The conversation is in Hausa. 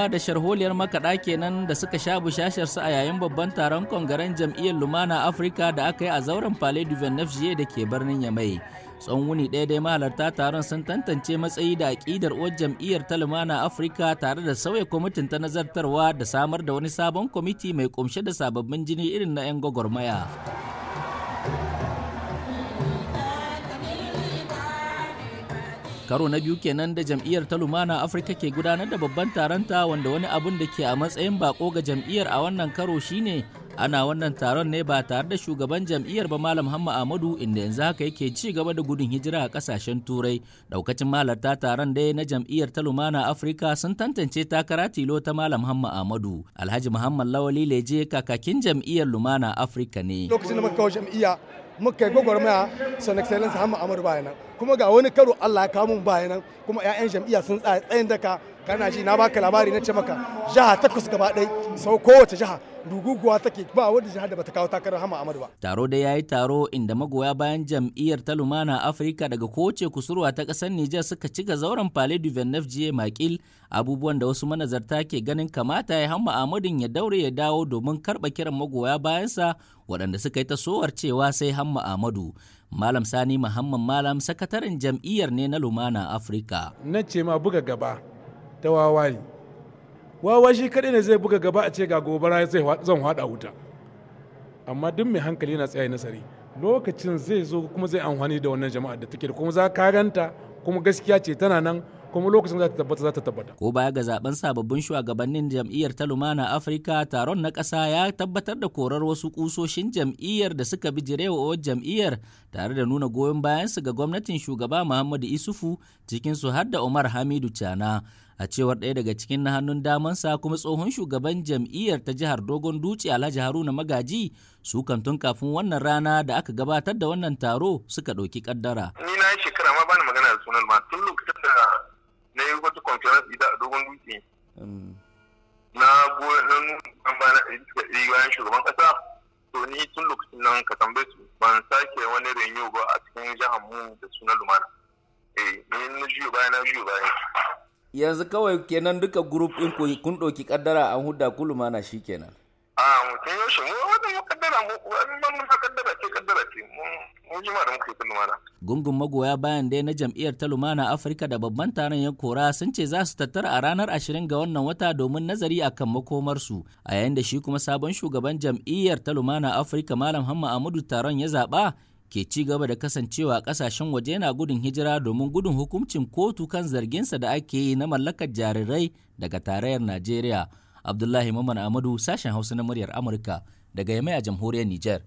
rawa da sharholiyar makaɗa kenan da suka sha bushashar su a yayin babban taron kongaren jam'iyyar lumana afirka da aka yi a zauren palais du da ke birnin yamai tsawon wuni ɗaya dai mahalarta taron sun tantance matsayi da aƙidar uwar jam'iyyar ta lumana afirka tare da sauya kwamitin ta nazartarwa da samar da wani sabon kwamiti mai kumshe da sababbin jini irin na 'yan gwagwarmaya karo na biyu kenan da jam'iyyar ta lumana afirka ke gudanar da babban taronta wanda wani abun da ke a matsayin bako ga jam'iyyar a wannan karo shine ana wannan taron ne ba tare da shugaban jam'iyyar ba malam hamma amadu inda yanzu haka yake ci gaba da gudun hijira a kasashen turai daukacin malarta taron dai na jam'iyyar ta lumana afirka sun tantance takara tilo ta malam hamma amadu alhaji muhammad lawali leje kakakin jam'iyyar lumana afirka ne lokacin da muka jam'iyya muka yi gwagwarmaya son excellence hamma amur bayanan kuma ga wani karo allah ya kawo bayanan kuma 'ya'yan jam'iyya sun tsaya tsayin daka kana ji na baka labari na ce maka jiha takwas gaba ɗai sau kowace jiha ruguguwa take ba wanda jihar da bata kawo takarar hama amadu ba taro da yayi taro inda magoya bayan jam'iyyar ta lumana afirka daga kowace kusurwa ta kasar nijar suka cika zauren palais du venef jiye makil abubuwan da wasu manazarta ke ganin kamata ya hamma amadu ya daure ya dawo domin karba kiran magoya bayansa waɗanda suka yi ta sowar cewa sai hamma amadu malam sani muhammad malam sakataren jam'iyyar ne na lumana afirka na ce ma buga gaba ta wawari wawa shi kaɗai ne zai buga gaba a ce ga gobara zan haɗa wuta amma duk mai hankali yana tsaye nasari lokacin zai zo kuma zai amfani da wannan jama'a da take da kuma za ka ganta kuma gaskiya ce tana nan kuma lokacin za ta tabbata za ta tabbata. Ko baya ga zaben sababbin shugabannin jam'iyyar ta Lumana Afirka taron na ƙasa ya tabbatar da korar wasu kusoshin jam'iyyar da suka bi jirewar jam'iyyar tare da nuna goyon bayansu ga gwamnatin shugaba Muhammadu Isufu cikinsu har da Umar Hamidu Cana. a cewar ɗaya daga cikin na hannun damansa kuma tsohon shugaban jam'iyyar ta jihar dogon dutse alhaji haruna magaji su kan tun kafin wannan rana da aka gabatar da wannan taro suka ɗauki kaddara. ni na yi shekara ma ni magana da sunan ma tun lokacin da kwanciyar ita a dogon dutse mm. na goyon na nuna bayan suka shugaban kasa to ni tun lokacin nan ka tambaye su ban sake wani renyo ba a cikin jihar mu da sunan lumana eh ni na juyo baya na juyo baya. yanzu kawai kenan duka din ɗin kun ɗauki kaddara an hudda ku lumana shi kenan a ah, mutum yaushe mu wani mu kaddara mu wani mu kaddara ce kaddara mun yi mara muka lumana. Gungun magoya bayan dai na jam'iyyar ta lumana Afirka da babban taron ya kora sun ce za su tattara a ranar ashirin ga wannan wata domin nazari a kan makomarsu a yayin da shi kuma sabon shugaban jam'iyyar ta lumana Afirka Malam Hamma Amadu taron ya zaɓa ke ci gaba da kasancewa kasashen waje na gudun hijira domin gudun hukuncin kotu kan zarginsa da ake yi na mallakar jarirai daga tarayyar Najeriya. Abdullahi Maman Amadu sashen Hausa na muryar Amurka daga Yamai a jamhuriyar Nijar.